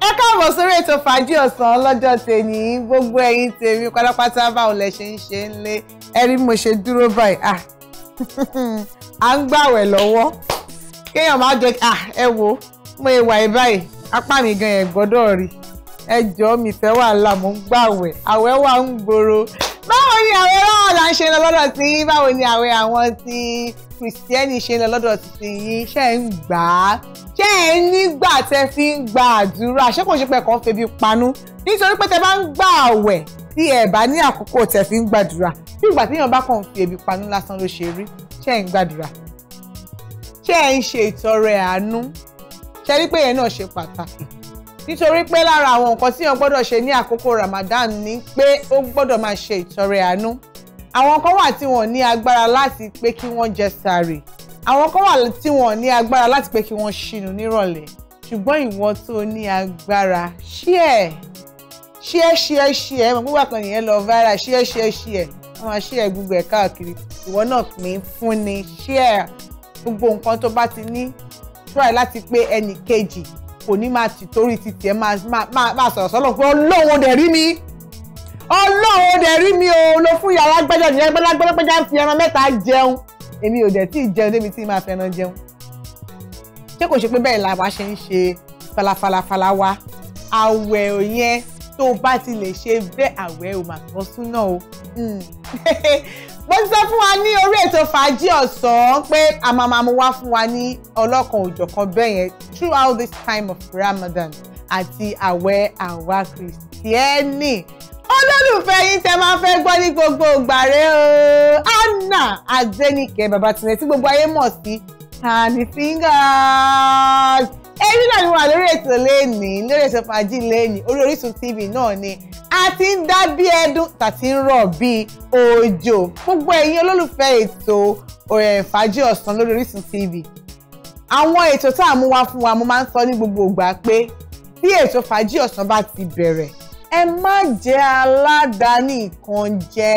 ẹ káàbọ̀ sórí ètò fàájì ọ̀sán lọ́jọ́ tèmi gbogbo ẹ̀yin tèmi pátápátá báwo lẹ ṣe ń ṣe ń lé ẹ rí mo ṣe dúró báyìí à ń gbàwẹ̀ lọ́wọ́ kéèyàn má jẹ́ ẹ wo mo ìwà ẹ̀ báyìí apá mi gan ẹ̀ gbọ́dọ̀ rí ẹ jọ̀ọ́ mi fẹ́ wàhálà mo ń gbàwẹ̀ àwẹ̀ wà ń gbòòrò báwo ni àwẹ̀ wà là ń ṣe lọ lọ́dọ̀ tí báwo ni àwẹ̀ àwọn tí kìrìsìtẹ́nì ṣe ń lọ lọ́dọ̀ títí yín ṣe ń gbà á ṣe ń nígbà tẹ fi ń gba àdúrà ṣé kò ṣe pé kàn febi panú nítorí pé tẹ bá ń gbà àwẹ̀ tí ẹ bá ní àkókò tẹ fi ń gbàdúrà bí ìgbà tí èèyàn bá kàn fi ebi panú lásán ló ṣe rí ṣe ń gbàdúrà ṣe ń ṣe ìtọrẹ àánú ṣe rí pé yẹn náà ṣe pàtàkì nítorí pé lára àwọn nǹkan tí èèyàn gbọ́dọ̀ ṣe ní àkókò Ramadan ni pé ó gbọ́dọ̀ máa ṣe ìtọrẹ àánú àwọn kan wà tí wọ́n ní agbára láti pé kí wọ́n jẹ sàárè àwọn kan wà tí wọ́n ní agbára láti pé kí wọ́n ṣìnú nírọ̀lẹ́ ṣùgbọ́n ìwọ tó ní agbára ṣíẹ̀ ṣíẹ̀ ṣíẹ̀ ṣíẹ̀ mọ̀ gbogbo àkànní yẹn lọ viral ṣíẹ̀ ṣíẹ̀ ṣíẹ̀ wọ́n máa ṣíẹ̀ gbogbo ẹ̀ káàkiri ìwọ náà pín fún ni ṣíẹ̀ gbogbo nǹkan tó bá ti ní try láti pé ẹnì kejì kò ní máa tì torí titi ẹ máa sọ̀rọ̀ sọ́lọ̀ pé Ọlọ́run dẹ̀ rí mi ọlọ́run ó dẹ̀ rí mi o ló fún yàrá gbẹ́jà ní ẹgbẹ́ lágbẹ́lẹ́gbẹ́jà ń fi ẹran mẹ́ta jẹun èmi ò dẹ̀ tí ì jẹun débi tí máa fẹ́ràn jẹun ṣé kò ṣe pé bẹ́ẹ̀ la wa ṣe ń ṣe falafalafala wa àwẹ̀ ò yẹn tó o bá ti lè ṣe bẹ́ẹ̀ àwẹ̀ ò mà bọ́ súná o mo ti sọ fún wa ní orí ètò fàájì ọ̀sán pé àmàmàmù wá fún wa ní ọlọ́kan òjọ̀kan bẹ́ẹ̀ yẹn throughout this time of Ramadan àti àwẹ̀ àwa kìrìsìtẹ́nì olólùfẹ́ yín tẹ máa fẹ́ gbọ́ ní gbogbo ìgbà rẹ o Anna Adéníkẹ́ Babátúndé tí gbogbo ayé mọ̀ sí Tani Fingers èyí náà ni wọn lórí ètò lẹ́ẹ̀ni lórí ètò fàájì lẹ́ẹ̀ni orí Orísun TV náà ni a ti ń dá bí ẹdún tàti ń rọ̀ bí òjò gbogbo ẹ̀yin olólùfẹ́ ètò eh, fàájì ọ̀sán lórí Orísun TV àwọn ètò tá a mú wá fún wa mo máa ń sọ ní gbogbo ìgbà pé tí ètò fàájì ọ̀sán bá ti bẹ̀rẹ̀ ẹ má jẹ́ aládàáni ìkànjẹ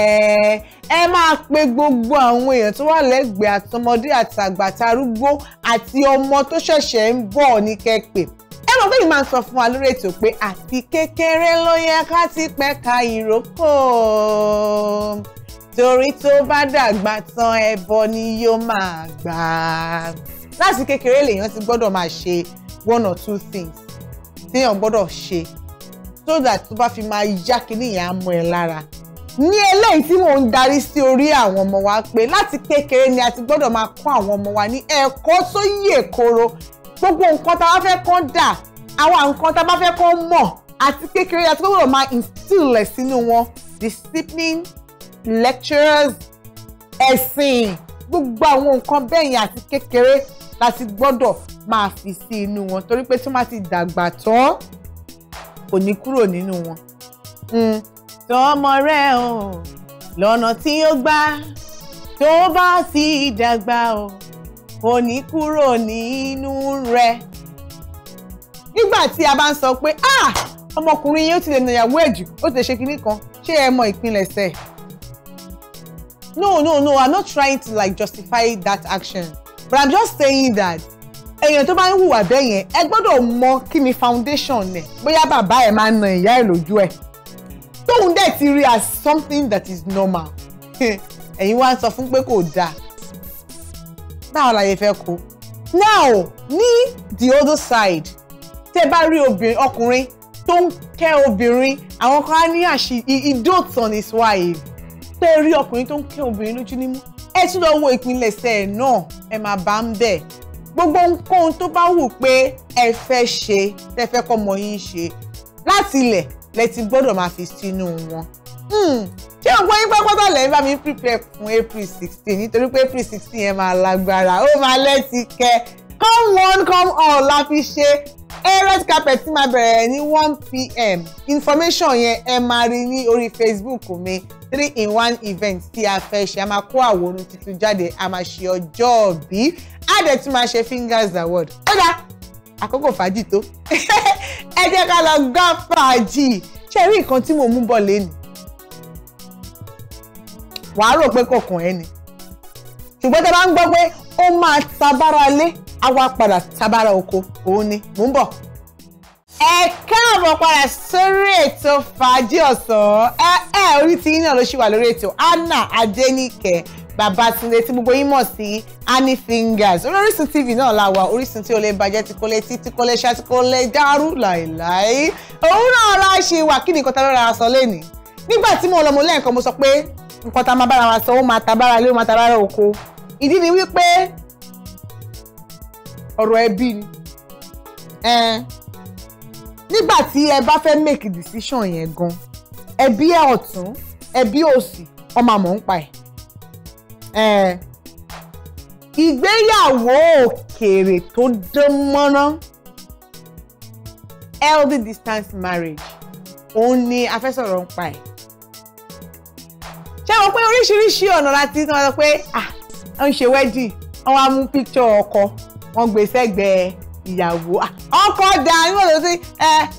ẹ máa pe gbogbo àwọn èèyàn tó wà lẹ́gbẹ̀ẹ́ àtọmọdé àtàgbà tarúgbó àti ọmọ tó ṣẹ̀ṣẹ̀ ń bọ̀ ní kẹ́pẹ́ ẹ mọ̀ pé yìí máa ń sọ fún wa lórí ètò pé àti kékeré ló yẹ ká ti pẹ̀ka ìrókò torí tó bá dàgbà tán ẹbọ ni yóò máa gbà láti kékeré lèèyàn ti gbọ́dọ̀ máa ṣe one or two things téèyàn gbọ́dọ̀ ṣe so that tó bá fi máa yá kinní yẹn á mọ ẹ lára ní eléyìí tí mò ń darí sí orí àwọn ọmọ wa pé láti kékeré ni a ti gbọ́dọ̀ máa kọ́ àwọn ọmọ wa ní ẹ̀kọ́ tó yè koro gbogbo nǹkan tá a bá fẹ́ kán dà àwọn nǹkan tá a bá fẹ́ kán mọ̀ àti kékeré àti gbọ́dọ̀ máa instill ẹ̀ sínú wọn discipline lectures ẹ̀sìn gbogbo àwọn nǹkan bẹ́ẹ̀ yẹn àti kékeré láti gbọ́dọ̀ máa fi sí inú wọn torí pé tí wọ́n bá ti dàgbà tán kò ní kúrò nínú wọn. Mm. tọ́ ọmọ rẹ o lọ́nà tí ó gbà tó bá sì dàgbà o kò ní kúrò nínú rẹ. nígbà tí a bá ń sọ pé ah ọmọkùnrin yẹn ó ti lè nàyàwó ẹ̀jù ó ti lè ṣe kinní kan ṣé ẹ mọ ìpilẹ̀ṣẹ̀. no no no i'm not trying to like justify that action but i'm just saying that èèyàn tó bá ń hùwà bẹ́ẹ̀ yẹn ẹ gbọ́dọ̀ mọ kí ni foundation ẹ̀ bóyá bàbá ẹ̀ máa ń na ìyá ẹ̀ lójú ẹ̀ tóun dẹ̀ ti rí as something that is normal ẹ̀yin wá ń sọ fún pé kò dáa báwo láyé fẹ́ kó now ní the other side tẹ́ bá rí obìnrin ọkùnrin tó ń kẹ́ obìnrin àwọn kan á ní àṣì ìdóòtú on his wife tẹ́ rí ọkùnrin tó ń kẹ́ obìnrin lójú nímú ẹ tún lọ wo ìpínlẹ̀ sẹ́ẹ̀ náà ẹ máa bá ń bẹ̀ gbogbo ohunkóhun tó bá wù pé ẹ fẹ́ ṣe tẹ́ fẹ́ kọ́ ọmọ yín ṣe láti ilẹ̀ lẹ ti gbọ́dọ̀ máa fi sínú wọn. Hmm. ṣé ògbó yín pápátá lẹ́yìn bá mi ń prepare fún april sixteen nítorí pé april sixteen yẹn máa lágbára ó máa lẹ́tí kẹ́ come one come all la fi ṣe Eros carpet ti máa bẹ̀rẹ̀ ní one pm information yẹn ẹ máa rí ní orí facebook mi three in one event tí a fẹ́ ṣe a máa kó àwòrán tuntun jáde a máa ṣe ọjọ́ bí a dẹ̀ tún máa ṣe fingers award ó dá àkókò fàájì tó ẹ jẹ́ ká lọ gbọ́ fàájì ṣe rí nǹkan tí mò ń mú bọ̀ lẹ́nu wàá rò pé kọ̀ọ̀kan ẹ ni ṣùgbọ́n tí a bá ń gbọ́ pé ó máa ta bára lé a wá padà sábàrà oko òun ni mò ń bọ̀. ẹ káàbọ̀ padà sórí ètò fàájì ọ̀sán ẹ ẹ orí ti yín náà ló ṣì wà lórí ètò Anna Adéníkẹ́ Babátúndé tí gbogbo yín mọ̀ sí Annie Fingers orí Orísun TV náà la wà Orísun tí o lè bàjẹ́ tí kò lè tí tí kò lè ṣá tí kò lè dàrú láìláì òun náà ra ṣe wà kí ni nǹkan tá a lọ́ra sọ lẹ́nìí nígbà tí mo lọ mo lẹ́ẹ̀kan mo sọ pé nǹkan tá a máa bára wa sọ ó máa ta bára lé ó máa ta bára oko ìdí ni wípé ọ̀rọ̀ ẹbí ni nígbà tí ẹ bá fẹ́ make decision yẹn gan ẹbí ẹ ọ̀tún ẹbí òsì ọmọ àmọ́ ń pa ẹ̀ ìgbéyàwó òkèèrè tó dán mọ́rán healthy distance marriage òun ni a fẹ́ sọ̀rọ̀ ń pa ẹ̀ ṣé àwọn pé oríṣiríṣi ọ̀nà láti sọ pé ah ń ṣe wedding wọ́n wá mú picture ọkọ wọ́n gbé sẹ́gbẹ̀ẹ́ ìyàwó ah, ọkọ dà ní wọn lọ sí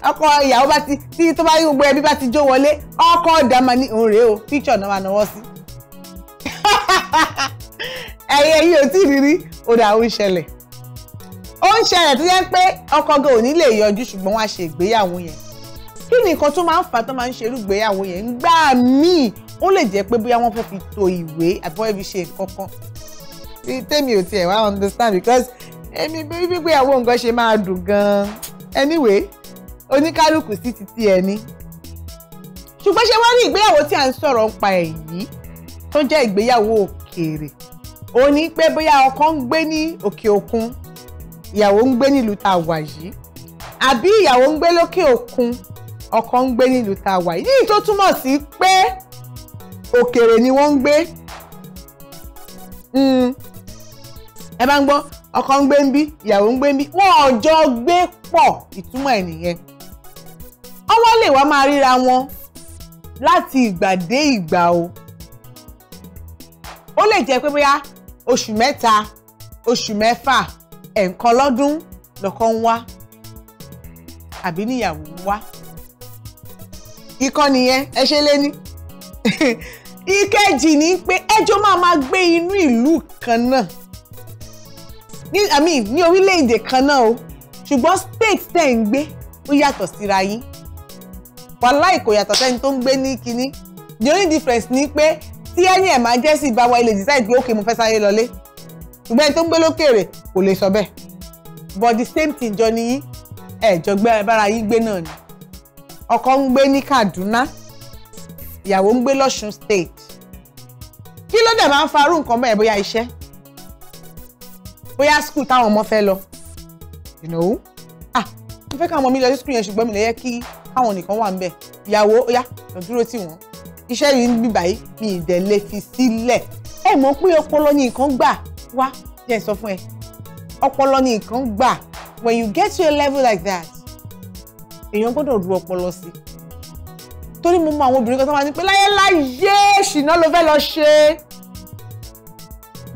ọkọ ìyàwó bá ti tí tó bá rí gbogbo ẹbí bá ti jó wọlé ọkọ dà máa ní òun rèé o píṣọ náà máa náwó sí. ẹyẹ yìí ò tí ì rírí òdà ó ń ṣẹlẹ̀ ó ń ṣẹlẹ̀ tó yẹ pé ọkọ gan ò ní lè yọjú ṣùgbọ́n wọ́n á ṣe ìgbéyàwó yẹn kí ni nǹkan tó máa ń fà tó máa ń ṣerú ìgbéyàwó yẹn ńgbà míì ó lè jẹ́ pé bóyá wọ́n fẹ́ fi to ìwé àbí wọ́n ṣe nǹkan kan tèmi ò tiẹ̀ wá understand because ẹni gbígbé àwọn nǹkan ṣe máa dùn gan-an anyway oníkálukú sí ti ti ẹni ṣùgbọ́n ṣé wá ní ìgbéyàwó tí à ń sọ̀rọ̀ nípa ẹ̀ yìí tó jẹ́ ìgbéyàwó òkèèrè ó ní pé bóyá ọkọ ń gbé ní òkè òkun ìyàwó ń gbé nílùú tá a wà yìí àbí ìyàwó ń gbé lókè òkun ọkọ ń gbé nílùú tá a wà yìí níyì tó túmọ̀ sí pé òkèèrè ni wọ́n ń gbé hmm. ẹ bá ń gbọ́ ọkọ ń gbé ń bí ìyàwó ń gbé ń bí wọn ò jọ gbé pọ̀ ìtumọ̀ ẹ̀ nìyẹn ọwọ́ lè wá máa ríra wọn láti ìgbà dé ìgbà o ó lè jẹ́ pé bóyá oṣù mẹ́ta oṣù mẹ́fà ẹ̀ǹkan lọ́dún lọ́kọ ń wá àbí níyàwó ń wá ikọ́ nìyẹn ẹ ṣe lé ní ìkejì ni pé ẹjọ́ máa máa gbé inú ìlú kan náà ní i mean ní orílẹ̀-èdè kan náà o ṣùgbọ́n state tẹ̀ ń gbé ó yàtọ̀ síra yín wàláì kò yàtọ̀ sẹ́ni tó ń gbé ní kínní the only difference ni pé tí ẹni ẹ̀ máa jẹ́ sí ìbá ilé decide pé okay mo fẹ́ sáré lọlé ṣùgbọ́n ẹni tó ń gbé lókèrè kò lè sọ bẹ́ẹ̀ but the same thing jọ niyí ẹ̀jọ̀ gbé bára yín gbé náà ni ọkọ ń gbé ní Kaduna ìyàwó ń gbé lọ́sùn state kí ló dẹ̀ máa ń farú nǹkan mọ́ bóyá iṣẹ́ bóyá school. táwọn ọmọ fẹ́ lọ you know ah mo fẹ́ káwọn ọmọ mi lọ sí skul yẹn ṣùgbọ́n mi lè yẹ kí àwọn nìkan wà ń bẹ̀ ìyàwó ó yá lọ dúró tì wọ́n iṣẹ́ yìí ń bíbà yìí mi ìdẹ̀ lè fi sílẹ̀ ẹ mọ̀ pé ọpọlọ ni nǹkan gbà wá jẹ́ sọ fún ẹ ọpọlọ ni nǹkan gbà when you get to a level like that èèyàn gbọ́dọ̀ ru ọpọlọ sí i torí mo mọ àwọn obìnrin kan tó máa ní pé láyé láyé ṣìnà ló fẹ́ lọ ṣe é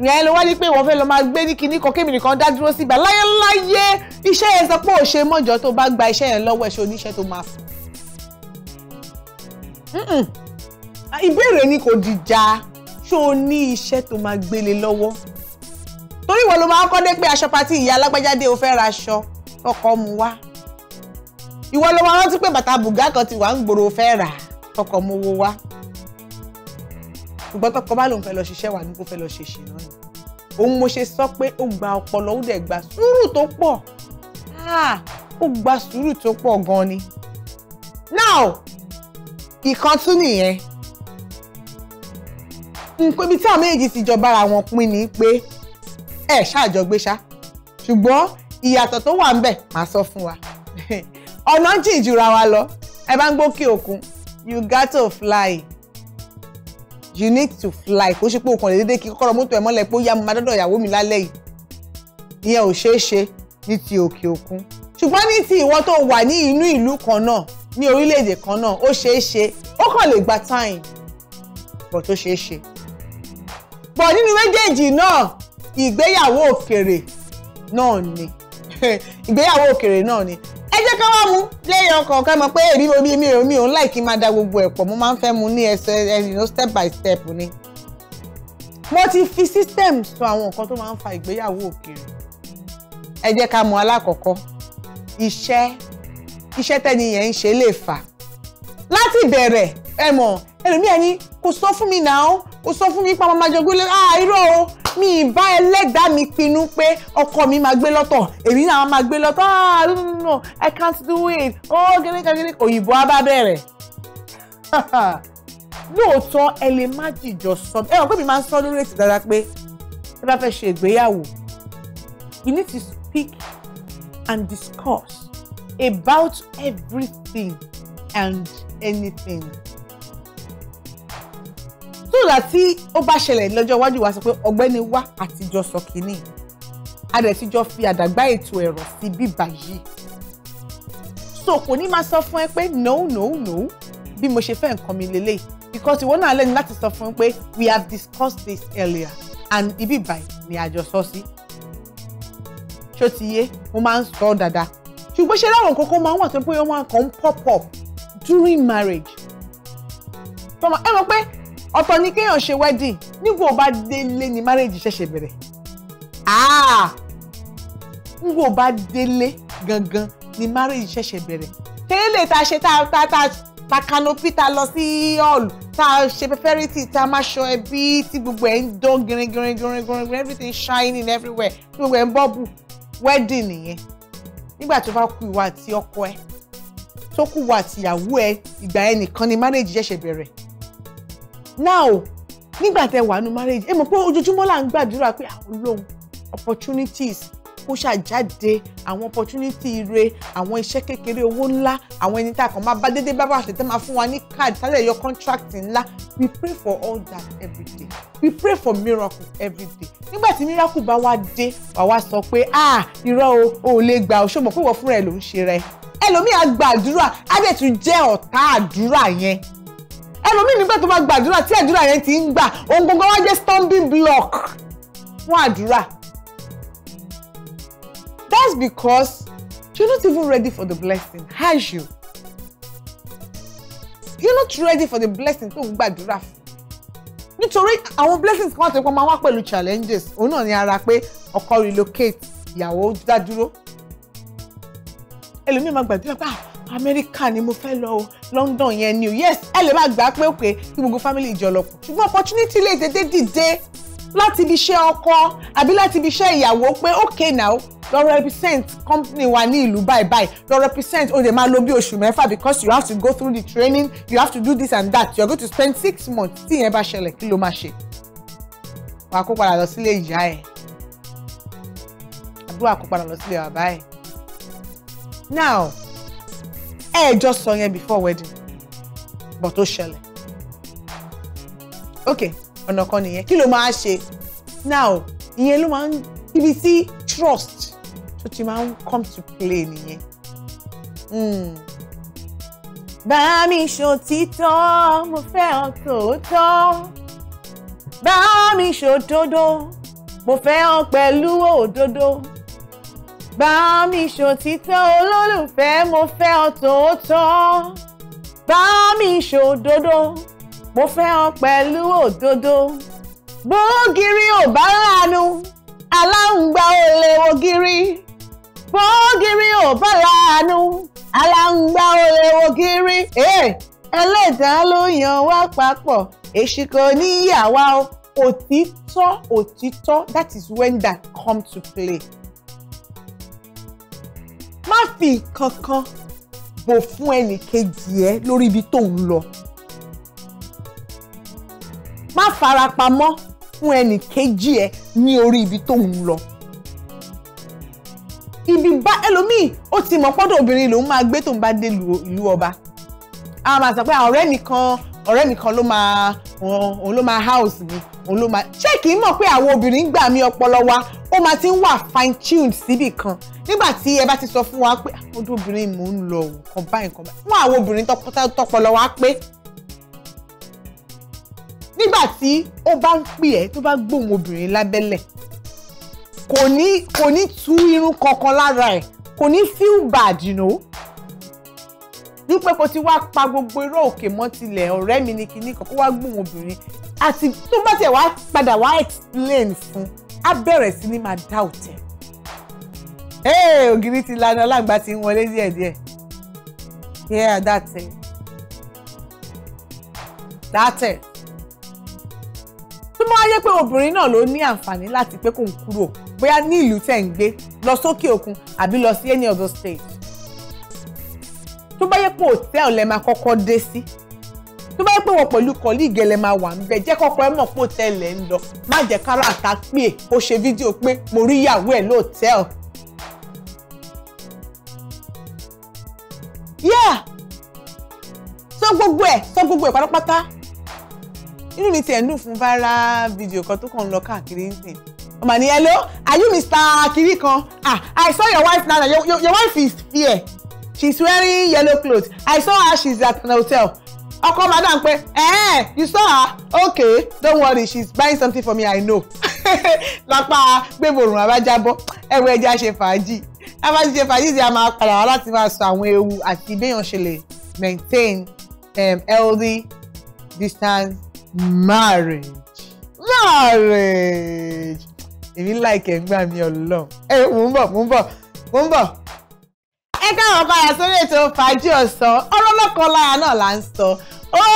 ìyẹn ló wá ní pé wọ́n fẹ́ lọ máa gbé ní kinní kan kémi nìkan dá dúró sígbà láyéláyé iṣẹ́ yẹn sọ pé ò ṣe mọ́jọ́ tó bá gba iṣẹ́ yẹn lọ́wọ́ ẹ̀ṣọ́ oníṣẹ́ tó máa fún. ìbéèrè ni kò dìjà ṣó o ní iṣẹ́ tó máa gbélé lọ́wọ́ torí ìwọ ló máa kọ́ dé pé aṣọ patí ìyá alágbájáde ò fẹ́ ra aṣọ ọkọ̀ mu wá ìwọ ló máa rántí pé bàtà bùgá kan ti wà ń gbòòrò fẹ́ rà ọkọ̀ mu wo wá ṣùgbọ́n tọkọ bá lòun fẹ́ lọ ṣiṣẹ́ wà ní kó fẹ́ lọ ṣe ṣìnà ni òun mo ṣe sọ pé ó gba ọpọlọ ó dẹ̀ gba sùúrù tó pọ̀ ah! ó gba sùúrù tó pọ̀ gan ni now ìkan tún nìyẹn nǹkan ibi tí àwọn méjèèjì ti jọ bára wọn pín ni pé ẹ ṣàjọgbé ṣá ṣùgbọ́n ìyàtọ̀ tó wà ń bẹ̀ máa sọ fún wa ọ̀nà jìn jura wa lọ ẹ bá ń gbókè òkun you got to fly you need to fly kó ṣe pé òkàn lè dédé kí kọ́kọ́rọ́ mọ́tò ẹ̀ mọ́lẹ̀ pé ó yá mo máa dọ́dọ̀ ìyàwó mi lálẹ́ yìí ìyẹn ò ṣeé ṣe ní ti òkè òkun ṣùgbọ́n ní ti ìwọ tó wà ní inú ìlú kan náà ní orílẹ̀-èdè kan náà ó ṣeé ṣe ó kàn lè gba time bọ̀ tó ṣeé ṣe bọ̀ nínú méjèèjì náà ìgbéyàwó òkèrè náà ni ìgbéyàwó òkèrè náà ni ẹ jẹ́ ká wá mú lẹ́yìn ọkàn ká mọ̀ pé èrí omi mi ò mi ò ń láì kí n máa da gbogbo ẹ̀ pọ̀ mo máa ń fẹ́ mu ní ẹsẹ̀ ẹ̀yìn step by step ni. mo ti fi system sọ àwọn nǹkan tó máa ń fa ìgbéyàwó òkèèrè ẹ ká mú alákọ̀ọ́kọ́ iṣẹ́ iṣẹ́ tẹ́ni yẹn ń ṣe lè fà láti bẹ̀rẹ̀ ẹ mọ̀ ẹlòmíà kò sọ fún mi náà o sọ fún mi pa màmá jogún lé ah irọ́ o mi ì bá ẹlẹ́dàá mi pinnu pé ọkọ mi máa gbé lọ́tọ̀ èmi náà máa gbé lọ́tọ̀ ah no no no i can't do it oh gẹ́gẹ́ gẹ́gẹ́ òyìnbó á bá bẹ̀rẹ̀ lóòótọ́ ẹ lè má jìjọ sọ ẹ wọ́n pé mi máa ń sọ lórí ètò dáadáa pé ẹ bá fẹ́ ṣe ìgbéyàwó you need to speak and discuss about everything and anything dọ̀là tí ó bá ṣẹlẹ̀ lọ́jọ́ iwájú wa sọ pé ọ̀gbẹ́ni wa àtijọ́ sọ kínní a dẹ̀ ti jọ fi àdàgbà ètò ẹ̀rọ sí bíbà yìí so kò ní máa sọ fún ẹ pé no no no bí mo ṣe fẹ́ nǹkan mi lélẹ̀ because ìwọ náà lẹ́nu láti sọ fún ẹ pé we have discussed this earlier and ibi ìbàyí ni àjọ sọ sí ṣó ti yé mo máa ń sọ ọ́ dáadáa ṣùgbọ́n ṣe láwọn kókó máa ń wà tó pé wọ́n máa kàn ń pop up during marriage ẹ mọ̀ pé ọ̀tọ̀ ni kéèyàn ṣe wedding nígbà ó bá délé ni marriage ṣẹ̀ṣẹ̀ bẹ̀rẹ̀ ah! nígbà ó bá délé gangan ni marriage ṣẹ̀ṣẹ̀ bẹ̀rẹ̀ tẹ́lẹ̀ tá a ṣe tá a tá a ta kanopi ta lọ sí hall ta ṣe fẹ́rẹ́tì ta máa ṣọ ẹbí tí gbogbo ẹ̀ ń dán gírin gírin everything shining everywhere tí gbogbo ẹ̀ ń bọ́ọ̀bù wedding nìyẹn nígbà tó bá kú ìwà àti ọkọ ẹ tó kú ìwà àti ìyàwó ẹ ìgbà ẹ nìkan ni marriage ṣẹ̀ṣẹ̀ bẹ̀rẹ̀ now nígbà tẹ wà nù marriage ẹ mọ̀ pé ojoojúmọ́ là ń gbàdúrà pé Ọlọ́run opportunities kó ṣàjáde àwọn opportunity ire àwọn iṣẹ́ kékeré owó ńlá àwọn ẹni tá a kàn máa bá dédé bábà ṣètẹ́ máa fún wa ní card tálẹ̀ yọ contract ńlá we pray for all that every day we pray for miracle every day nígbà tí miracle bá wá dé wà wá sọ pé ah irọ́ o ò lè gbà ọ́ ṣọ́mọ̀ pé wọ́n fúnra ẹ̀ ló ń ṣe rẹ̀ ẹlòmíì á gbàdúrà á dẹ̀ tún jẹ́ ọ̀tá àdúrà yẹn ẹlòmíì nígbà tó máa gbàdúrà tí àdúrà yẹn ti ń gbà ohun gbogbo wá jẹ́ stumbling block fún àdúrà that's because you're not even ready for the blessing has you you're not ready for the blessing tó ń gbàdúrà fún nítorí àwọn blessings kan wà tó ń pọ́n máa wá pẹ̀lú challenges òun náà ní ara pé ọkọ relocate ìyàwó dá dúró ẹlòmíì máa gbàdúrà pé ah amẹ́ríkà ni mo fẹ́ lọ o london yẹn ni o yes ẹ lè máa gbà pé òkè kí gbogbo family ìjọ lọ pọ̀ ṣùgbọ́n opportunity lè dédé dìde láti ibi iṣẹ́ ọkọ àbí láti ibi iṣẹ́ ìyàwó pé okay now lọ represent company wa ní ìlú báyìí báyìí lọ represent o lè máa lò bí oṣù mẹ́fà because you have to go through the training you have to do this and that you are going to spend six months tí ìyẹn bá ṣẹlẹ̀ kí ló máa ṣe wàá kó padà lọ sílé ìyá ẹ̀ àdúrà kó padà lọ sílé bàbá ẹ̀ now ẹ just sọ yẹn before wedding but ó ṣẹlẹ̀ ok ọ̀nà kan nìyẹn kí ló máa ṣe now ìyẹn ló máa ń ibi tí trust tó ti máa ń come to play nìyẹn. Hmm. bá mi ṣòtítọ́ mo fẹ́ ọ tòótọ́ bá mi ṣòdodo mo fẹ́ ọ pẹ̀lú òdodo bá mi ṣòtítọ́ olólùfẹ́ mo fẹ́ ọ tòótọ́ bá mi ṣòdodo mo fẹ́ ọ pẹ̀lú òdodo bógiri ò bá láàánú aláǹgbá ò lè wo giri bógiri ò bá láàánú aláǹgbá ò lè wo giri eh, ẹlẹ́dàá ló yàn wá papọ̀ èṣù kò ní ìyàwó òtítọ́ òtítọ́ that is when that come to play má fi kankan bò fún ẹnìkejì ẹ lórí ibi tó ń lọ má farapamọ́ fún ẹnìkejì ẹ ní orí ibi tó ń lọ ibi bá ẹlòmíì ó ti mọ̀ pọ́dọ̀ obìnrin lòún máa gbé tó ń bá dé ìlú ọba a máa pé àwọn ọ̀rẹ́ mi ọ̀rẹ́ mi kan ló máa òun ló máa house mi òun ló máa ṣé kì í mọ̀ pé àwọn obìnrin gbà mí ọpọlọ wa ó máa ti ń wà fine tuned síbì kan nígbà tí ẹ bá ti sọ fún wa pé ọdún ah, obìnrin mò ń lọ nǹkan báyìí nǹkan báyìí fún àwọn obìnrin tọpọlọ wa pé nígbà tí ó bá ń pè ẹ́ tó bá gbóhùn obìnrin lábẹ́lẹ̀ kò ní kò ní tú irun kankan lára ẹ̀ kò ní feel bad you know wípé kò ti wá pa gbogbo irọ́ òkè mọ́ tilẹ̀ ọ̀rẹ́ mi ni kinní kan kó wá gbóhùn obìnrin àti tó bá tiẹ̀ wá padà wá explain fún á bẹ̀rẹ̀ sí ní máa dá òtẹ̀. ee ògiri ti lanu alágbá ti ń wọlé díẹ̀díẹ̀ yeah that's it that's it tó máa yẹ pé obìnrin náà ló ní àǹfààní láti pé kò ń kúrò bóyá ní ìlú tẹ̀ ń gbé lọ sókè òkun àbí lọ sí any other state tó bá yẹ pé hòtẹ́ẹ̀lì lẹ máa kọ́kọ́ dé sí tó bá yẹ pé wọn pẹ̀lú kọ̀líìgì lẹ máa wà níbẹ̀ jẹ́ kọ́kọ́ ẹ mọ̀ pé hòtẹ́ẹ̀lì lẹ ń lọ má jẹ́ kára àta pé è ó ṣe fídíò pé mo rí ìyàwó ẹ̀ lóòtẹ́ẹ̀lì. yá sọ gbogbo ẹ̀ sọ gbogbo ẹ̀ pátápátá inú mi tiẹ̀ ń dùn fún fara fídíò kan tó kàn ń lọ káàkiri nìyí ọmọ nìyẹn ló are you Mr. kiri kan ah I saw your wife now your, your, your wife is here she's wearing yellow cloth i saw her she's at an hotel ọkọ madam pé eh you saw her okay don't worry she's buying something for me i know lápá gbẹ̀bọ̀rùn abájábọ̀ ẹ̀wọ̀ ẹja ṣe fàájì abájí ṣe fàájì tí a máa padà wá láti máa sọ àwọn ewu àti béèyàn ṣe lè maintain um, healthy distance marriage marriage èmi láìkẹ́ ń gbà mí ọlọ́run ẹ mò ń bọ̀ mò ń bọ̀ mò ń bọ̀ ẹ káwọn padà sórí ètò fàájì ọ̀sán ọ̀rọ̀ lọ́kàn lára náà là ń sọ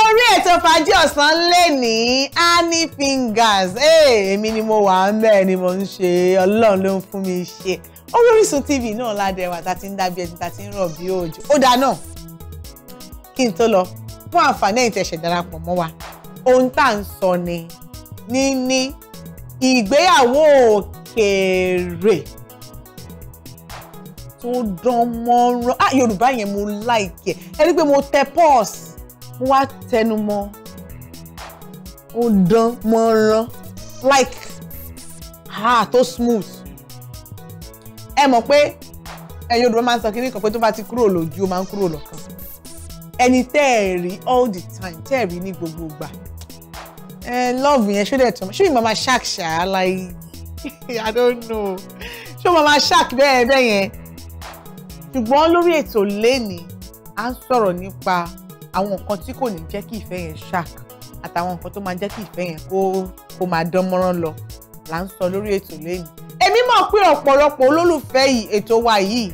orí ètò fàájì ọ̀sán lè ní honey fingers èmi ni mo wà ń bẹ́ẹ̀ ni mo ń ṣe ọlọ́run ló ń fún mi ṣe orí Orísun TV náà ládẹ́wà tá ti ń dábí ẹni tá ti ń rọ̀ bí òjò ó dáa náà kí n tó lọ fún àǹfààní ẹ̀yin tẹ̀sẹ̀ darapọ̀ mọ́ wa ohun tá à ń sọ ni níní ìgbéyàwó òkèèrè tó dán mọ́rán ah yorùbá yẹn mo like ẹ ẹ rí pé mo tẹ pause mo wá tẹnu mọ́ ó dán mọ́rán like ah tó smooth ẹ mọ̀ pé ẹ yorùbá máa ń sọ kíní kan pé tó bá ti kúrò lójú ó máa ń kúrò lọ́kàn ẹni tẹ́ ẹ rí all the time tẹ́ ẹ rí ní gbogbo ìgbà ẹ love yẹn ṣó dẹ̀ tán ṣó yìí máa ma ṣáàkì láì i don't know ṣó máa ma ṣáàkì bẹ́ẹ̀ yẹn ṣùgbọ́n lórí ètò lẹ́ni à ń sọ̀rọ̀ nípa àwọn nǹkan tí kò ní jẹ́ kí ìfẹ́ yẹn ṣàk àtàwọn nǹkan tó máa jẹ́ kí ìfẹ́ yẹn kó kó máa dán mọ́rán lọ là ń sọ lórí ètò lẹ́ni. èmi mọ̀ pé ọ̀pọ̀lọpọ̀ olólùfẹ́ yìí ètò wa yìí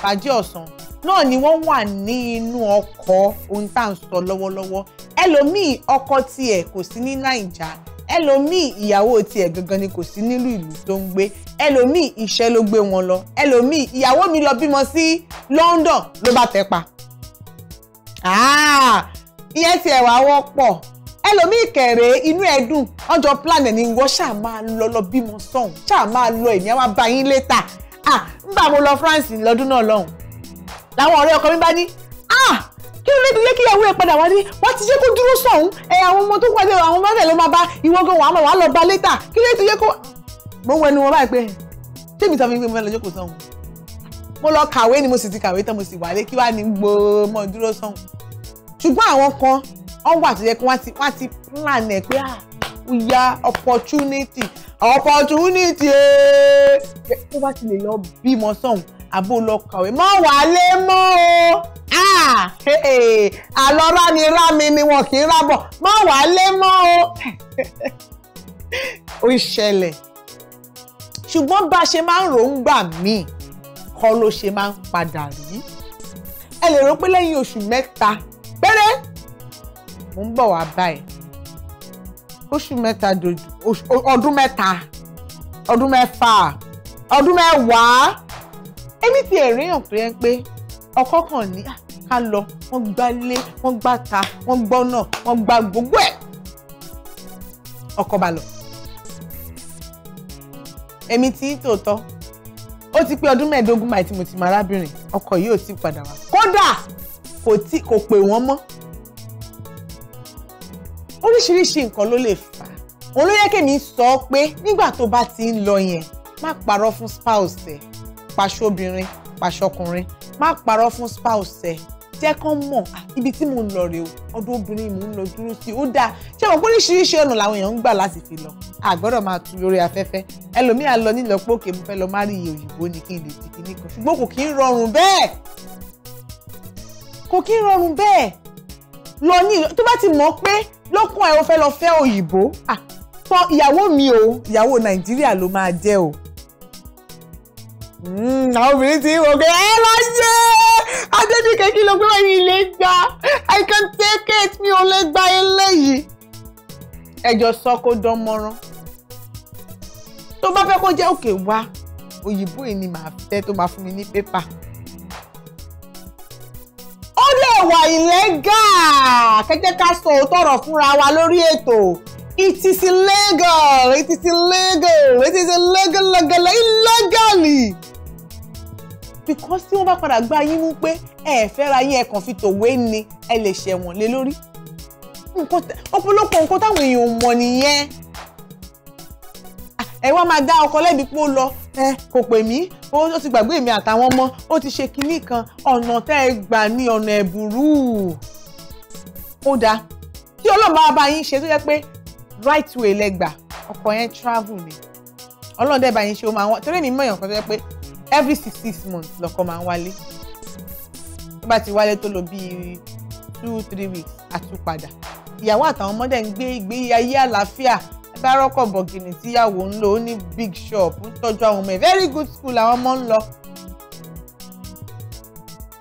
fàájì ọ̀sán náà ni wọ́n wà ní inú ọkọ̀ ohun tá à ń sọ lọ́wọ́lọ́wọ́ ẹlòmíì ọkọ̀ tiẹ̀ kò sí ní nàìjà ẹlòmíì ìyàwó tiẹ̀ gangan ni kò sí nílùú ìlú tó ń gbé ẹlòmíì iṣẹ́ ló gbé wọn lọ ẹlòmíì ìyàwó mi lọ bímọ sí London ló bá tẹ pa ah! ìyẹn tiẹ̀ wá wọ́pọ̀ ẹlòmíì kẹrẹ inú ẹ dùn ọjọ́ plan ẹ ní wọ ṣáà máa lọ lọ bímọ sọhùn ṣáà máa lọ èmi àwọn abayín létà ah ngbà mo lọ France lọ́dún náà lọ́hùn làwọn ọ̀rẹ́ ọkọ mi bá ní ah kí ló dé tó yẹ kí ìyàwó ẹ padà wá ní wọ́n ti jẹ́ kó dúró sọ̀hún ẹ àwọn ọmọ tó pàdé àwọn mẹ́rẹ̀ ló máa bá ìwọ gan wàá wà lọ bá létà kí ló dé tó yẹ kó. mo wẹnu wọn báyìí pé tèmi sọ fún mi pé mo fẹ́ lọ jókòó sọ̀hún mo lọ kàwé ni mo sì ti kàwé tán mo sì wálé kí wàá ní gbòó mọ́ dúró sọ̀hún ṣùgbọ́n àwọn kan wọ́n wà tó yẹ kí wọ́n ti plan ẹ̀ pé ah ya opportunity opportunity ẹ̀ eh. kó bá ti lè lọ bímọ sọ̀hún àbò lọ kàwé mọ́ wálé mọ́ o àlọ́ rámi rámi ni wọn kì í rábọ̀ mọ́ wálé mọ́ o ó ṣẹlẹ̀ ṣùgbọ́n bá a ṣe máa ń ròǹgbà míì kọ́ ló ṣe máa ń padà rí ẹ lè rò pé lẹ́yìn oṣù mẹ́ta péré mò ń bọ̀ wá báyìí oṣù mẹ́ta ọdún mẹ́ta ọdún mẹ́fà ọdún mẹ́wàá èmi ti ẹ̀rí hàn pé ẹ ń pé ọkọ kan ní ah, ká lọ wọ́n gbá lé wọ́n gbá ta wọ́n gbọ́nà wọ́n gbá gbogbo ẹ̀ ọkọ bá lọ èmi tí tòótọ́ ó ti pé ọdún mẹ́ẹ̀ẹ́dógún báyìí tí mo ti mọ arábìnrin ọkọ yìí ò tí padà wá kódà kò tí kò pè wọ́n mọ́ oríṣiríṣi nǹkan ló lè fà á òun ló yẹ kémi sọ pé nígbà tó bá ti ń lọ yẹn má parọ́ fún spouse ẹ̀ paṣọ obìnrin paṣọ ọkùnrin má parọ́ fún spouse ẹ̀ jẹ́ kán mọ̀ ah, ibi tí mo ń lọ rèé o ọdún obìnrin mò ń lọ dúró sí ó dáa ṣé mo oríṣiríṣi ọ̀nà làwọn èèyàn ń gbà láti fi lọ àgbọ́dọ̀ máa tu lórí afẹ́fẹ́ ẹlòmíà lọ nílọpọ̀ òkè mo fẹ́ lọ má rí iye òyìnbó ni kí n lè tìkì nìkan ṣùgbọ́n kò kí ń rọrùn bẹ́ẹ̀ kò kí ń rọrùn bẹ́ẹ̀ lọ ní tó bá ti mọ̀ pé lọ́kàn ẹ̀ o fẹ́ lọ fẹ́ òyìnbó ah ìyàwó mi o ìyàwó Nàìjíríà ló máa jẹ́ o Hmm, àwọn obìnrin ti ń wò pé ẹ lọ ṣe adédìkẹ́ kí ló gbé wáyé ilé gbà i can't take it Me only lè gba eléyìí ẹjọ sọ kó dán mọ́rán tó bá fẹ́ kó jẹ́ òkè wá òyìnbó yìí ni màá fẹ́ tó máa fún mi ní pépà ó lè wà ìlẹ́gà kẹ́kẹ́ ká sọ òótọ́ ọ̀rọ̀ fúnra wa it is illegal it is illegal it is illegal illegal Illegal because tí wọ́n bá padà gbá yín mú pé ẹ fẹ́ra yín ẹ kàn fi tòwé ni ẹ lè ṣẹ̀wọ̀n lé lórí ọ̀pọ̀lọpọ̀ nǹkan táwọn èèyàn mọ̀ nìyẹn ẹ wá máa dá ọkọ lẹ́bi pé ó lọ ẹ kò pè mí ó ti gbàgbé èmi àtàwọn ọmọ ó ti ṣe kinní kan ọ̀nà tẹ́ ẹ gbà ní ọ̀nà ẹ̀bùrú ó dáa kí ọlọ́run bá yín ṣe tó jẹ́ pé right way lẹ́gbà ọkọ̀ yẹn travel ni ọlọ́run bá yín ṣe ó máa wọ́n torí èmi mọ̀ every six six months lọ́kọ máa ń wálé tó bá ti wálé tó lọ bíi two three weeks àtúpadà ìyàwó àtàwọn ọmọdé ń gbé ìgbé ayé àlàáfíà sárọ́kọ̀ bọ̀gìnì tíyàwó ń lò ó ní big shop ń tọ́jú àwọn ọmọ ẹ̀ very good school àwọn ọmọ ń lọ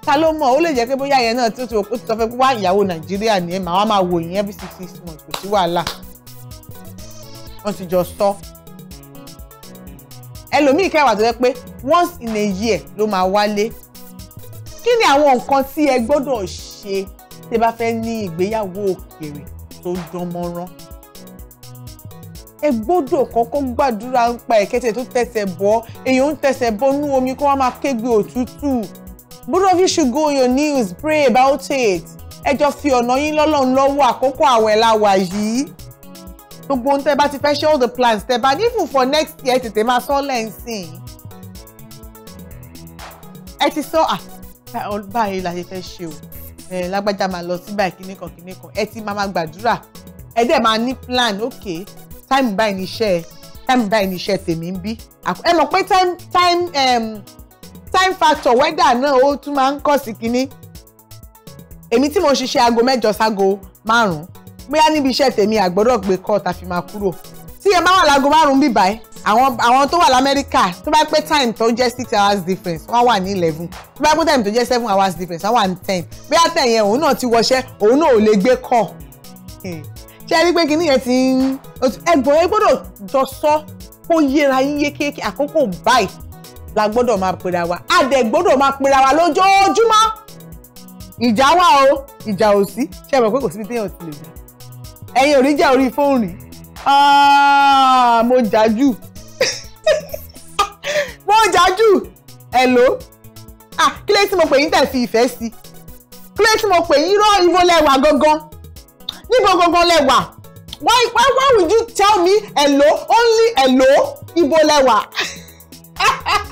ta ló mọ̀ ó lè jẹ́ pé bóyá yẹn náà tó ti ó ti sọ fẹ́ wá ìyàwó nàìjíríà ni ẹ̀ màá máa wò yín every six six months kò sí wàhálà wọ́n ti jọ sọ ẹlòmíì kẹwàá tó jẹ́ pé once in a year ló máa wálé kí ni àwọn nǹkan tí ẹ gbọ́dọ̀ ṣe tí ẹ bá fẹ́ ní ìgbéyàwó òkèèrè tó dán mọ́rán ẹ gbọ́dọ̀ kọ́kọ́ gbàdúrà ń pa ẹ̀kẹ́tẹ̀ tó tẹ̀sẹ̀ bọ́ èèyàn ń tẹ̀sẹ̀ bọ́ nú omi kó wá máa kégbe òtútù both of you should go on your knees pray about it ẹ jọ fi ọ̀nà yín lọ́lọ́run lọ́wọ́ àkókò àwẹ̀ la wà yìí gbogbo ohun tẹ́ bá ti fẹ́ ṣe all the plans tẹ́ bá ní fún for next year tètè máa sọ lẹ́yìn sìn ẹ ti sọ ah, báyìí la ṣe fẹ́ ṣe o lágbájá máa lọ sí báyìí kíní kan kíní kan ẹ ti máa máa gbàdúrà ẹ dẹ̀ máa ní plan ok time báyìí ni iṣẹ́ ẹ time báyìí ni iṣẹ́ tèmi ń bí ẹ mọ̀ pé time time um, time factor weather náà ó tún máa ń kọ̀ sí kíní èmi tí mo ṣiṣẹ́ aago mẹ́jọ ságo márùn-ún bóyá níbi iṣẹ́ tèmi àgbọ́dọ̀ gbé kọ́ tàfi máa kúrò tí ẹ bá wà láago márùn-ún bíbá àwọn àwọn tó wà lamẹ́ríkà tó bá pé time tó jẹ́ six hours difference wọ́n wà ní eleven tó bá pé time tó jẹ́ seven hours difference wọ́n wà ní ten bí àtẹ̀ yẹn òun náà ti wọṣẹ́ òun náà ò lè gbé kọ̀ hmm. ṣé ẹ rí pé kinní yẹn ti ń ẹgbọ́n ẹ gbọ́dọ̀ jọ sọ kó yẹra yín yékéyéké àkókò báyìí la gbọ́dọ̀ máa pera wa a dẹ̀ gbọ́dọ̀ máa pera wa lójoojúmọ́ ìjà wà o ìjà ò sí ṣé ẹ mọ̀ pé kò síbi téèyàn ti lè jà ẹ̀yin ò rí jà orí fóònù rí Ah, mo jájú mo jájú hello ah kí lè tí mo pè yín tẹ̀ fi ìfẹ́ sí kí lè tí mo pè yín rán ibo lẹ́wà gangan níbo gangan lẹ́wà why why why would you tell me hello only hello ibo lẹ́wà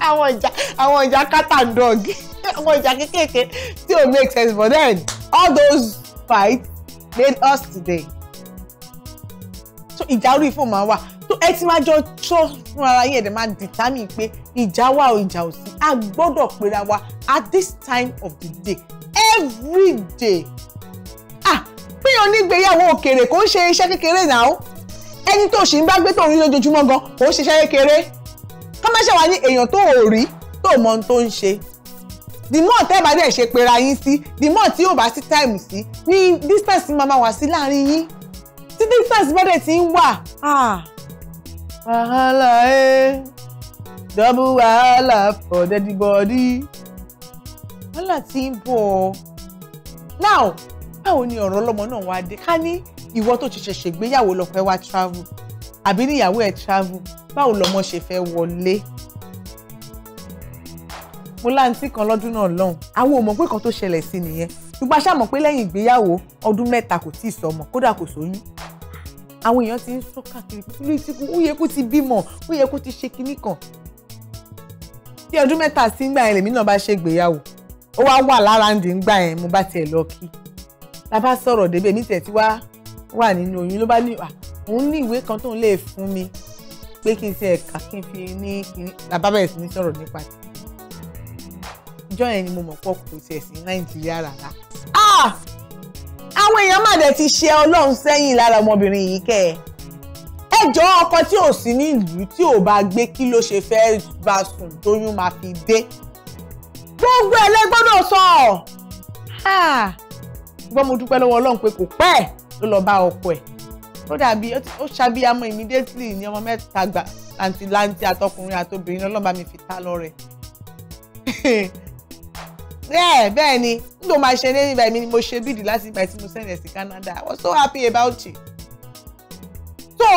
àwọn ìjà àwọn ìjà cat and dog àwọn ìjà kékèké tí ò make sense but then all those fights made us today so ìjà orí fóònù máa wà tó ẹ ti máa jọ sọ fún ara yín ẹ̀dẹ̀ máa determine pé ìjà wà o ìjà ò sí a gbọ́dọ̀ pera wa at this time of the day every day ah pínyàn nígbéyàwó òkèrè kò ń ṣe iṣẹ́ kékeré náà ẹni tó ṣì ń bá gbé tòun rí lójoojúmọ́ gan kò ń ṣiṣẹ́ kékeré kọ́mẹ́ṣẹ̀ wá ní èèyàn tó ò rí tó mọ ohun tó ń ṣe the more tẹ́ bá dẹ̀ ṣe pera yín sí the more tí yóò bá sí time sí ní distance máa wà sí láàrin yín títí sars bọ́dẹ̀ ti ń wà ah, wàhálà ẹ double wàhálà for dead body wàhálà ti ń bọ̀ ọ́ now báwo ni ọ̀rọ̀ ọlọ́mọ náà wá dé ká ní ìwọ tó ṣẹ̀ṣẹ̀ ṣègbéyàwó lọ fẹ́ wá travel àbí níyàwó ẹ̀ travel báwo lọmọ ṣe fẹ́ wọlé mo láǹtí kan lọ́dún náà lọ́hùn àwọn ò mọ̀ pé kan tó ṣẹlẹ̀ sí nìyẹn ṣùgbọ́n a ṣàmọ̀ pé lẹ́yìn ìgbéyàwó ọdún mẹ́ta kò tíì sọmọ kódà kò sóyún àwọn èèyàn ti ń sọ káàkiri kúlú ìsìnkú ó yẹ kó ti bímọ ó yẹ kó ti ṣe kinní kan bí ọdún mẹ́ta sí ń gbà yẹn lèmi náà bá ṣe ìgbéyàwó ó wá wà lára ǹdí ń gbà yẹn mo bá tiẹ̀ lọ kí la bá sọ̀rọ̀ débẹ̀ mi tẹ̀ tí wá wà nínú oyún ló bá ní òun ní ìwé kan tóun lè fún mi pé kí n ṣe ẹ̀ka kí n fi ní kinní la bá bẹ̀rẹ̀ sí ní sọ̀rọ̀ nípa ti ìjọ yẹn ni mo mọ̀ pọ̀ kò tiẹ̀ sí Nàìjíríà rárá àwọn èèyàn má dẹ̀ ti ṣe ọlọ́run sẹ́yìn lára ọmọbìnrin yìí kẹ́ ẹ̀ ẹjọ́ ọkọ tí ò sí ní ìlú tí ò bá gbé kí ló ṣe fẹ́ bá sùn tóyún máa fi dé gbogbo ẹ̀ lẹ gbọ́dọ̀ sọ gbọ́n mo dúpẹ́ lọ́wọ́ ọlọ́run pé kò pẹ́ ló lọ bá ọkọ ẹ̀ ó dàbí ó ṣàbíyamọ immediately ní ọmọ mẹ́ta gbà làǹtìlanti àtọkùnrin àtobìnrin ọlọ́run bá mi fi ta lọ rẹ̀ bẹ́ẹ̀ bẹ́ẹ̀ ni n ló máa ṣe lẹ́yìn ìbàmí ni mo ṣe bíìdì láti ìgbà tí mo sẹ̀rẹ̀ sí Canada I was so happy about it. so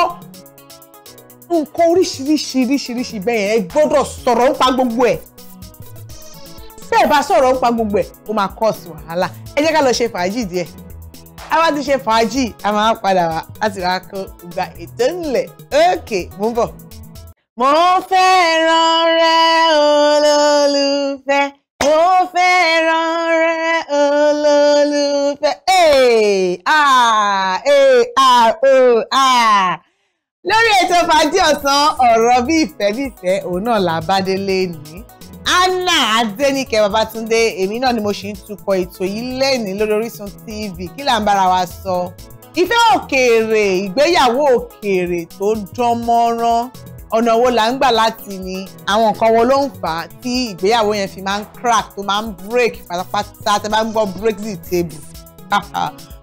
nǹkan oríṣiríṣi oríṣiríṣi bẹ́ẹ̀ ẹ gbọ́dọ̀ sọ̀rọ̀ nípa gbogbo ẹ̀ bẹ́ẹ̀ bá sọ̀rọ̀ nípa gbogbo ẹ̀ ó máa cause wàhálà ẹ jẹ́ ká lọ ṣe fàájì díẹ̀ a bá ti ṣe fàájì a máa padà wá láti wá kan ìgbà ètò ńlẹ̀ okay mo ń bọ̀. mo fẹ́ràn rẹ olólùfẹ́ mo fẹ́ràn rẹ olólùfẹ́ ah, ah, oh, ah. lórí ètò fàájì ọ̀sán ọ̀rọ̀ bí ìfẹ́ bí ìfẹ́ òun náà là bá délé ní anna adéníkẹ babatunde èmi náà ni mo ṣì ń tukọ̀ ètò yìí lẹ́ni lórí Orísun TV kí là ń bára wa sọ ìfẹ́ òkèèrè ìgbéyàwó òkèèrè tó dán mọ́rán ọ̀nà wo là ń gbà láti ní àwọn nǹkan wo ló ń fà á tí ìgbéyàwó yẹn fi máa ń crack tó máa ń break pátápátá tẹ́ bá ń gbọ́ break the table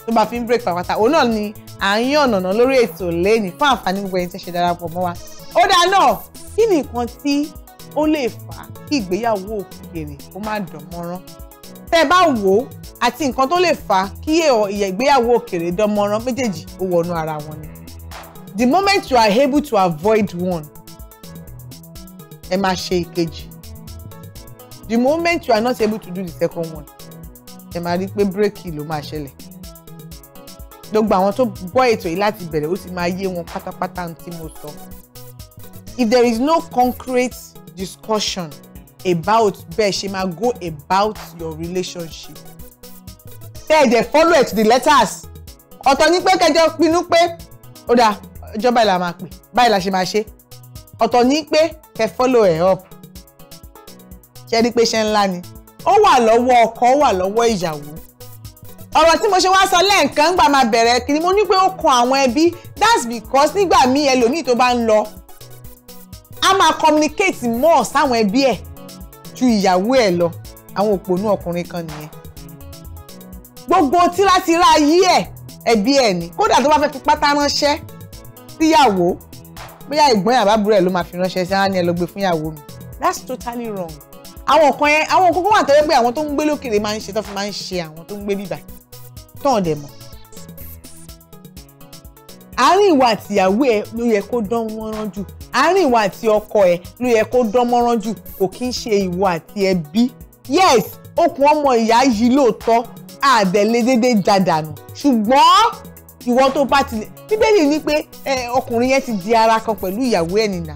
tó bá fi ń break pátápátá òun náà ni à ń yàn ọ̀nà lórí ètò lẹ́yìn fún àǹfààní gbogbo ẹni tẹ́ ṣe darapọ̀ mọ́ wa. ó dáa náà kí ni nǹkan tí ó lè fà á kí ìgbéyàwó òkèèrè kó má dán mọ́rán tẹ́ ẹ bá wò ó àti nǹkan tó lè fà á kí ìgbéyàwó òkèèrè dán mọ́rán méjèèjì ó wọnú ara wọn ni. the moment you are able to avoid one ẹ máa ṣe ìkejì the moment you are not able to do the second one ẹ máa rí i pé bírèkì ló máa ṣẹlẹ̀ gbogbo àwọn tó gbọ́ ètò yìí láti bẹ̀rẹ̀ ó sì máa yé wọn pátápátá tí mo sọ if there is no concrete discussion about bẹ́ẹ̀ ṣe máa go about your relationship tẹ́ ẹ dẹ̀ follow it to the letters ọ̀tọ̀ ní pé kẹjọ pinnu pé ó dáa ọjọ́ báyìí la máa pè báyìí la ṣe máa ṣe ọ̀tọ̀ ní pé kẹ́ follow ẹ̀ up ṣe rí pé iṣẹ́ ńlá ni ó wà lọ́wọ́ ọkọ ó wà lọ́wọ́ ìyàwó ọ̀rọ̀ tí mo ṣe wá sọ lẹ́ẹ̀kan gbà máa bẹ̀rẹ̀ kí ni mo ní pé ó kan àwọn ẹbí that's because nígbà míì ẹlòmíì tó bá ń lọ a máa communicate more sáwọn ẹbí ẹ̀ ju ìyàwó ẹ̀ lọ àwọn òpònú ọkùnrin kan nìyẹn gbogbo tírátíra yí ẹ̀ ẹbí ẹ̀ ni kódà tó bá fẹ́ fi pátá ránṣẹ́ síyàwó bóyá ìgbọ́n yàrá àbúrò ẹ̀ ló máa fi ránṣẹ́ sí á ní ẹ lọ gbé fún ìyàwó mi that's totally wrong àwọn kan yẹn àwọn kókó wà tẹ́lẹ̀ pé àwọn tó ń gbé lókèrè máa ń ṣe tó fi máa ń ṣe àwọn tó ń gbé bíbà tán ọ̀dẹ̀ mọ̀ àárín ìwà àtìyàwó ẹ ló yẹ kó dán mọ́rán jù àárín ìwà àti ọkọ ẹ ló yẹ kó dán mọ́rán jù kò kí ń ṣe ìwà àti ẹbí yes okùn ọmọ ìyá yìí lóòótọ́ àdẹ̀lé déédéé ṣùgbọ́n ìwọ tó bá tilẹ̀ bíbélì ní pé ọkùnrin yẹn ti di ara kan pẹ̀lú ìyàwó ẹ̀ nìyà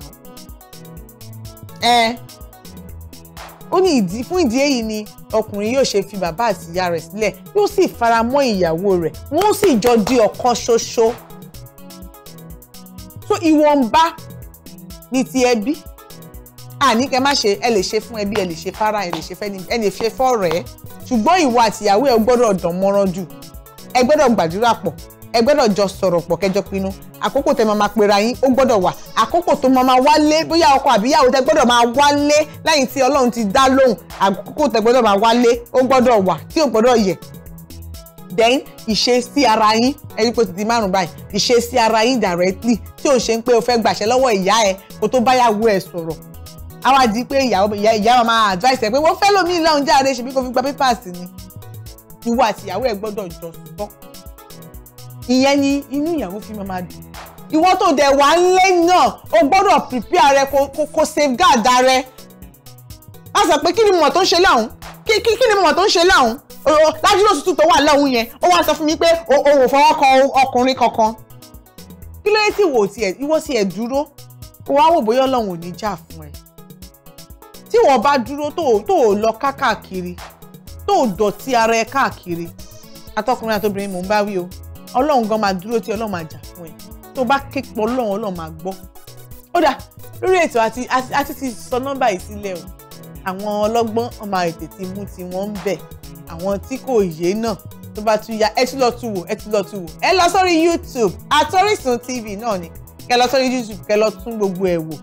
ó ní ìdí fún ìdí èyí ni ọkùnrin yóò ṣe fi bàbá àti ìyá rẹ̀ sílẹ̀ yóò sì faramọ́ ìyàwó rẹ̀ wọ́n sì jọ di ọ̀kan ṣoṣo so ìwọ̀nba ní ti ẹbí àní kẹ má ṣe ẹ lè ṣe fún ẹbí ẹ lè ṣe fara ẹ lè ṣe fẹ́ni ẹ lè ṣe fọ́rẹ̀ẹ́ ṣùgbọ́n ìwọ àtìyàwó ẹ gbọ́dọ̀ dán mọ́rán jù ẹ gbọ́dọ̀ gbàdúrà pọ̀ ẹ gbọ́dọ̀ jọ sọ̀rọ̀ pọ̀ kẹjọ pinnu àkókò tẹ máa pera yín ó gbọ́dọ̀ wà àkókò tó máa wálé bóyá ọkọ àbíyàwó tẹ gbọ́dọ̀ máa wálé lẹ́yìn tí Ọlọ́run ti dá lóhùn àkókò tẹ gbọ́dọ̀ máa wálé ó gbọ́dọ̀ wà tí ò gbọ́dọ̀ yẹ then ìṣe sí ara yín ẹni pé ó ti di márùn báyìí ìṣe sí ara yín directly tí ò ṣe ń pé o fẹ́ gbàṣẹ lọ́wọ́ ìyá ẹ kó tó báyàwó ẹ sọ̀rọ̀ àwa di pé ìyá wa máa advice ẹ pé wọ́n fẹ́ lómi ìlànà jáde ṣe bí kò fi gba papers ni ìwọ àtìyàwó ẹ gbọ́dọ̀ jọ sọ ìyẹn ni inú ìyàwó fi máa máa dùn ìwọ tó dẹ̀ wá ńlé náà o gbọ́dọ̀ prepare rẹ kó kó safeguard rẹ a sọ pé kí ni mọ̀ tó ń ṣe láhùn kí kí kí ni mọ̀ tó ń ṣe o lájúlò tuntun tó wà láhùn yẹn ó wá sọ fún mi pé o ò fọwọ́ kan ọkùnrin kankan kí ló yẹ tí wò ó tiẹ̀ ìwọ sí ẹ̀ dúró o wá wò bóyá ọlọ́run ò ní jà fún ẹ tí wọ́n bá dúró tó tó lọ káàkiri tó dọ̀tí ara ẹ káàkiri atọ́kùnrin àtobìnrin mò ń bá wí o ọlọ́run gan máa dúró tí ọlọ́run máa jà fún ẹ tó bá ké pọ̀ ọlọ́run ọlọ́run máa gbọ́. ó dà lórí ètò àti àti ti sọ nọ́mbà yìí sílẹ̀ o àwọn ọlọ́gbọ́n ọmọ ètè ti mú ti wọ́n ń bẹ̀ àwọn tí kò yé náà tó bá tún ya ẹ tún lọ tún wò ẹ tún lọ tún wò ẹ lọ sórí YouTube àtOrísun TV náà ni kẹ lọ sórí YouTube kẹ lọ tún gbogbo ẹ wò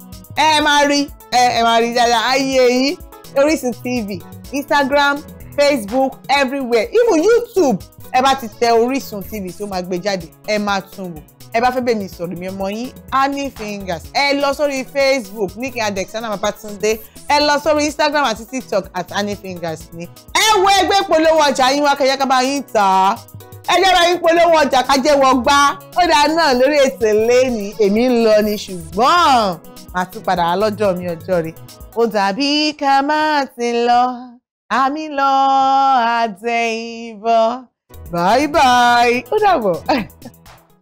ẹ máa rí ẹ máa rí dáadáa ayé yín Orísun TV Instagram Facebook everywhere even YouTube ẹ bá ti tẹ Orísun TV tí ó máa gbé jáde ẹ máa tún wò ẹ bá fẹ́ bẹ̀ mí sọ̀rọ̀ mi ọmọ yín honey fingers ẹ lọ sórí Facebook Nick adexana Babatunde ẹ lọ sórí Instagram àti TikTok at honey fingers ni ẹ wo ẹgbẹ́ polówó ọjà yín wá kẹjá kábàá yín tà á ẹ jẹ́ra yín polówó ọjà kájẹ́wọ́ gbá ó dáa náà lórí ètò lẹ́ni èmi ń lọ ni ṣùgbọ́n màá tún padà wá lọ́jọ́ mi ọjọ́ rẹ̀ ó dàbí ká má ti lọ àmì lọ àtẹ̀yìnbọn bye bye ó dàbọ̀.